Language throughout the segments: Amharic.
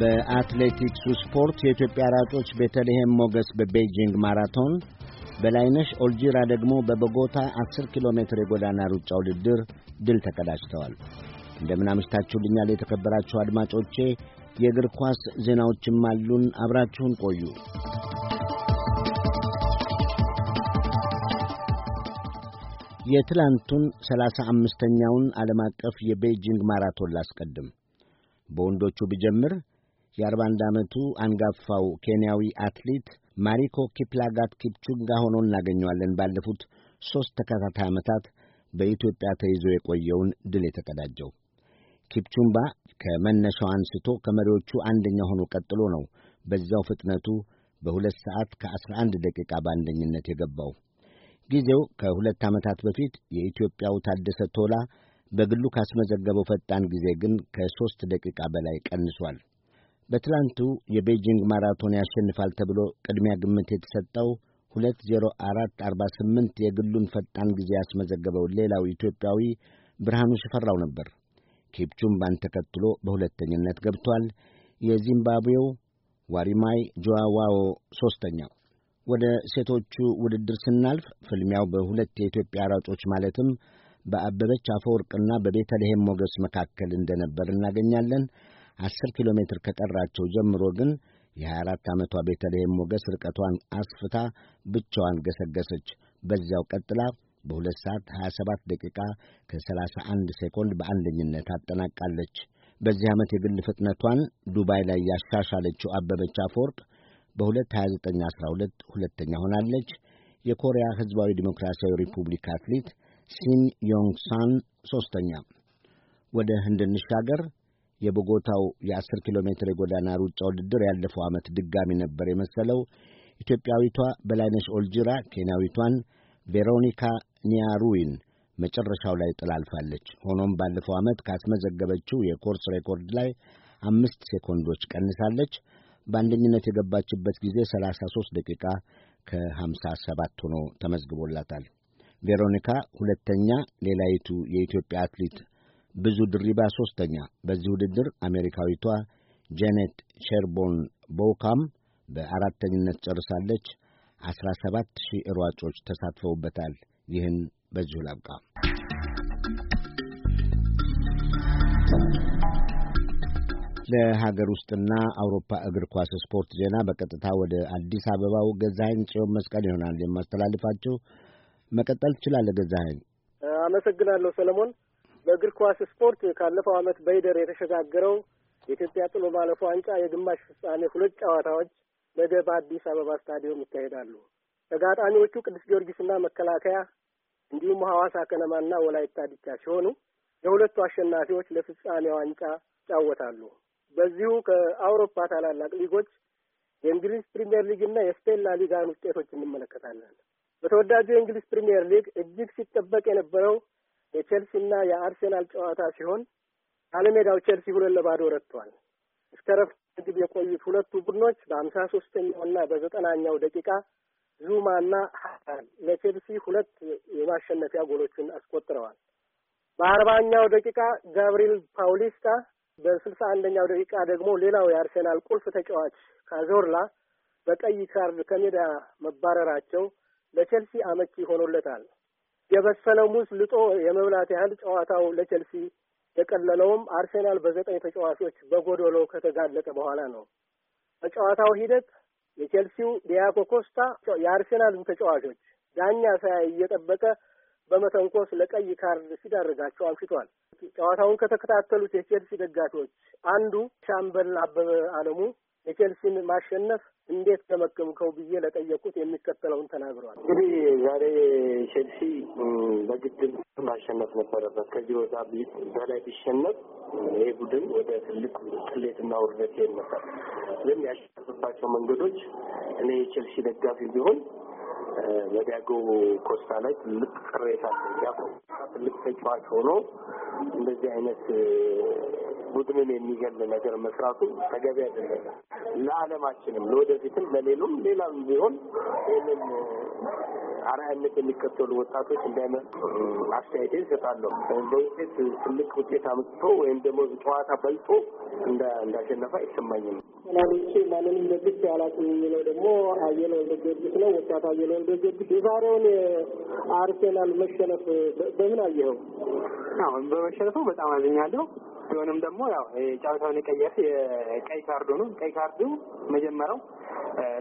በአትሌቲክሱ ስፖርት የኢትዮጵያ ራጮች ቤተልሔም ሞገስ በቤጂንግ ማራቶን፣ በላይነሽ ኦልጂራ ደግሞ በቦጎታ 10 ኪሎ ሜትር የጎዳና ሩጫ ውድድር ድል ተቀዳጅተዋል። እንደምን አምሽታችሁልኛል የተከበራችሁ አድማጮቼ። የእግር ኳስ ዜናዎችም አሉን። አብራችሁን ቆዩ። የትላንቱን ሰላሳ አምስተኛውን ዓለም አቀፍ የቤጂንግ ማራቶን ላስቀድም። በወንዶቹ ብጀምር የ41 ዓመቱ አንጋፋው ኬንያዊ አትሌት ማሪኮ ኪፕላጋት ኪፕቹጋ ሆኖ እናገኘዋለን። ባለፉት ሦስት ተከታታይ ዓመታት በኢትዮጵያ ተይዞ የቆየውን ድል የተቀዳጀው ኪፕቹምባ ከመነሻው አንስቶ ከመሪዎቹ አንደኛ ሆኖ ቀጥሎ ነው። በዛው ፍጥነቱ በሁለት ሰዓት ከ11 ደቂቃ በአንደኝነት የገባው ጊዜው ከሁለት ዓመታት በፊት የኢትዮጵያው ታደሰ ቶላ በግሉ ካስመዘገበው ፈጣን ጊዜ ግን ከሦስት ደቂቃ በላይ ቀንሷል። በትላንቱ የቤጂንግ ማራቶን ያሸንፋል ተብሎ ቅድሚያ ግምት የተሰጠው 20448 የግሉን ፈጣን ጊዜ ያስመዘገበው ሌላው ኢትዮጵያዊ ብርሃኑ ሽፈራው ነበር። ኬፕቹምባን ተከትሎ በሁለተኝነት ገብቷል። የዚምባብዌው ዋሪማይ ጆዋዋዎ ሦስተኛው። ወደ ሴቶቹ ውድድር ስናልፍ ፍልሚያው በሁለት የኢትዮጵያ ራጮች ማለትም በአበበች አፈወርቅና በቤተልሔም ሞገስ መካከል እንደነበር እናገኛለን። 10 ኪሎ ሜትር ከቀራቸው ጀምሮ ግን የ24 ዓመቷ ቤተልሔም ሞገስ ርቀቷን አስፍታ ብቻዋን ገሰገሰች። በዚያው ቀጥላ በ2 ሰዓት 27 ደቂቃ ከ31 ሴኮንድ በአንደኝነት አጠናቃለች። በዚህ ዓመት የግል ፍጥነቷን ዱባይ ላይ ያሻሻለችው አበበች አፈወርቅ በ2:29:12 ሁለተኛ ሆናለች። የኮሪያ ሕዝባዊ ዲሞክራሲያዊ ሪፑብሊክ አትሌት ሲም ዮንግ ሳን ሦስተኛ። ወደ ህንድ እንሻገር። የቦጎታው የ10 ኪሎ ሜትር የጎዳና ሩጫ ውድድር ያለፈው ዓመት ድጋሚ ነበር የመሰለው። ኢትዮጵያዊቷ በላይነሽ ኦልጂራ ኬንያዊቷን ቬሮኒካ ኒያሩዊን መጨረሻው ላይ ጥላ አልፋለች። ሆኖም ባለፈው ዓመት ካስመዘገበችው የኮርስ ሬኮርድ ላይ አምስት ሴኮንዶች ቀንሳለች። በአንደኝነት የገባችበት ጊዜ 33 ደቂቃ ከ57 ሆኖ ተመዝግቦላታል። ቬሮኒካ ሁለተኛ፣ ሌላዪቱ የኢትዮጵያ አትሌት ብዙ ድሪባ ሦስተኛ። በዚህ ውድድር አሜሪካዊቷ ጄኔት ሼርቦን ቦውካም በአራተኝነት ጨርሳለች። አስራ ሰባት ሺህ ሯጮች ተሳትፈውበታል። ይህን በዚሁ ላብቃ። ለሀገር ውስጥና አውሮፓ እግር ኳስ ስፖርት ዜና በቀጥታ ወደ አዲስ አበባው ገዛኸኝ ጽዮን መስቀል ይሆናል የማስተላልፋችሁ። መቀጠል ትችላለህ ገዛኸኝ። አመሰግናለሁ ሰለሞን። በእግር ኳስ ስፖርት ካለፈው ዓመት በይደር የተሸጋገረው የኢትዮጵያ ጥሎ ማለፍ ዋንጫ የግማሽ ፍጻሜ ሁለት ጨዋታዎች ነገ በአዲስ አበባ ስታዲየም ይካሄዳሉ። ተጋጣሚዎቹ ቅዱስ ጊዮርጊስና መከላከያ እንዲሁም ሐዋሳ ከነማና ወላይታ ዲቻ ሲሆኑ የሁለቱ አሸናፊዎች ለፍጻሜ ዋንጫ ይጫወታሉ። በዚሁ ከአውሮፓ ታላላቅ ሊጎች የእንግሊዝ ፕሪምየር ሊግና የስፔን ላ ሊጋን ውጤቶች እንመለከታለን። በተወዳጁ የእንግሊዝ ፕሪምየር ሊግ እጅግ ሲጠበቅ የነበረው የቼልሲና የአርሴናል ጨዋታ ሲሆን አለሜዳው ቼልሲ ሁለት ለባዶ ረትቷል። እስከ ረፍት ግብ የቆዩት ሁለቱ ቡድኖች በሀምሳ ሶስተኛውና በዘጠናኛው ደቂቃ ዙማና ሀሳን ለቼልሲ ሁለት የማሸነፊያ ጎሎችን አስቆጥረዋል። በአርባኛው ደቂቃ ጋብሪል ፓውሊስታ፣ በስልሳ አንደኛው ደቂቃ ደግሞ ሌላው የአርሴናል ቁልፍ ተጫዋች ካዞርላ በቀይ ካርድ ከሜዳ መባረራቸው ለቼልሲ አመቺ ሆኖለታል። የበሰለ ሙዝ ልጦ የመብላት ያህል ጨዋታው ለቼልሲ የቀለለውም አርሴናል በዘጠኝ ተጫዋቾች በጎዶሎ ከተጋለጠ በኋላ ነው። በጨዋታው ሂደት የቼልሲው ዲያጎ ኮስታ የአርሴናልን ተጫዋቾች ዳኛ ሳያይ እየጠበቀ በመተንኮስ ለቀይ ካርድ ሲዳርጋቸው አምሽቷል። ጨዋታውን ከተከታተሉት የቼልሲ ደጋፊዎች አንዱ ሻምበል አበበ አለሙ የቼልሲን ማሸነፍ እንዴት ተመከምከው ብዬ ለጠየቁት የሚከተለውን ተናግረዋል። እንግዲህ ዛሬ ቼልሲ በግድም ማሸነፍ ነበረበት። ከዚህ ወጣ በላይ ቢሸነፍ ይሄ ቡድን ወደ ትልቅ ቅሌትና ውርደት ይሄድ ነበር። ግን ያሸነፍባቸው መንገዶች እኔ የቼልሲ ደጋፊ ቢሆን በዲያጎ ኮስታ ላይ ትልቅ ቅሬታ፣ ዲያጎ ትልቅ ተጫዋች ሆኖ እንደዚህ አይነት ቡድንን የሚገል ነገር መስራቱ ተገቢ አይደለም። ለዓለማችንም ለወደፊትም ለሌሉም ሌላም ቢሆን ይህንን አርአያነት የሚከተሉ ወጣቶች እንዳይመ አስተያየቴ ይሰጣለሁ። በውጤት ትልቅ ውጤት አምጥቶ ወይም ደግሞ ጨዋታ በልጦ እንዳሸነፈ አይሰማኝም። ሰላሎች ማንንም ደግፍ ያላት የሚለው ደግሞ አየለ ወልደ ጊዮርጊስ ነው። ወጣት አየለ ወልደ ጊዮርጊስ የዛሬውን አርሴናል መሸነፍ በምን አየኸው? አሁን በመሸነፈው በጣም አዝኛለሁ። ቢሆንም ደግሞ ያው ጨዋታውን የቀየረ የቀይ ካርዱ ነው። ቀይ ካርዱ መጀመሪያው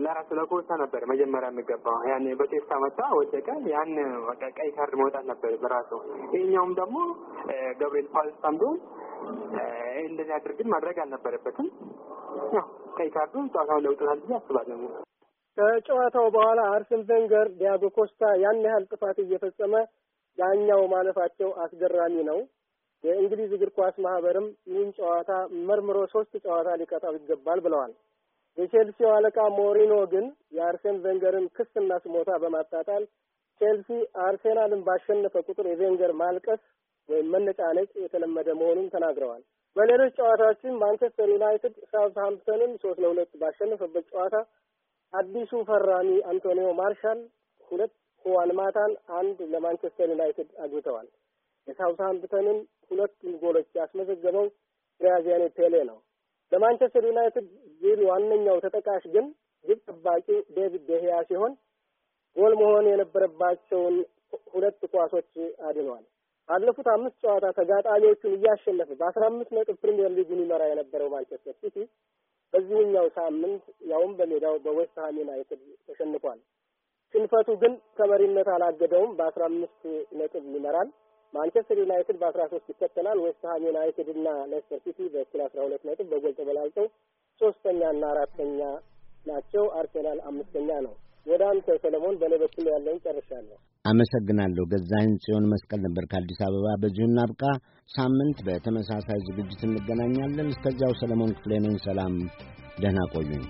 ለራሱ ለኮሳ ነበር መጀመሪያ የሚገባው ያን በቴስታ መታ ወደቀ። ያን ቀይ ካርድ መውጣት ነበር በራሱ። ይህኛውም ደግሞ ገብርኤል ፓልስታም ቢሆን እንደዚህ አድርግን ማድረግ አልነበረበትም። ያው ቀይ ካርዱ ጨዋታውን ለውጥታል ብዬ አስባለሁ። ከጨዋታው በኋላ አርሰን ቬንገር ዲያጎ ኮስታ ያን ያህል ጥፋት እየፈጸመ ዳኛው ማለፋቸው አስገራሚ ነው። የእንግሊዝ እግር ኳስ ማህበርም ይህን ጨዋታ መርምሮ ሶስት ጨዋታ ሊቀጣው ይገባል ብለዋል። የቼልሲው አለቃ ሞሪኖ ግን የአርሴን ቬንገርን ክስና ስሞታ በማጣጣል ቼልሲ አርሴናልን ባሸነፈ ቁጥር የቬንገር ማልቀስ ወይም መነጫነጭ የተለመደ መሆኑን ተናግረዋል። በሌሎች ጨዋታዎችም ማንቸስተር ዩናይትድ ሳውትሃምፕተንን ሶስት ለሁለት ባሸነፈበት ጨዋታ አዲሱ ፈራሚ አንቶኒዮ ማርሻል ሁለት ሁዋን ማታን አንድ ለማንቸስተር ዩናይትድ አግብተዋል። የሳውትሃምፕተንን ሁለቱን ጎሎች ያስመዘገበው ግራዚያኒ ፔሌ ነው። ለማንቸስተር ዩናይትድ ድል ዋነኛው ተጠቃሽ ግን ግብ ጠባቂው ዴቪድ ደህያ ሲሆን ጎል መሆን የነበረባቸውን ሁለት ኳሶች አድኗል። ባለፉት አምስት ጨዋታ ተጋጣሚዎቹን እያሸነፈ በአስራ አምስት ነጥብ ፕሪምየር ሊጉን ይመራ የነበረው ማንቸስተር ሲቲ በዚህኛው ሳምንት ያውም በሜዳው በዌስትሃም ዩናይትድ ተሸንፏል። ሽንፈቱ ግን ከመሪነት አላገደውም። በአስራ አምስት ነጥብ ይመራል። ማንቸስተር ዩናይትድ በአስራ ሶስት ይከተላል። ዌስትሃም ዩናይትድ እና ሌስተር ሲቲ በእኩል አስራ ሁለት ነጥብ በጎል ተበላልጠው ሶስተኛ እና አራተኛ ናቸው። አርሴናል አምስተኛ ነው። ወደ አንተ ሰለሞን። በእኔ በኩል ያለውን ጨርሻለሁ። አመሰግናለሁ። ገዛኸኝ ጽዮን መስቀል ነበር ከአዲስ አበባ። በዚሁ እናብቃ። ሳምንት በተመሳሳይ ዝግጅት እንገናኛለን። እስከዚያው ሰለሞን ክፍሌ ነኝ። ሰላም፣ ደህና ቆዩኝ።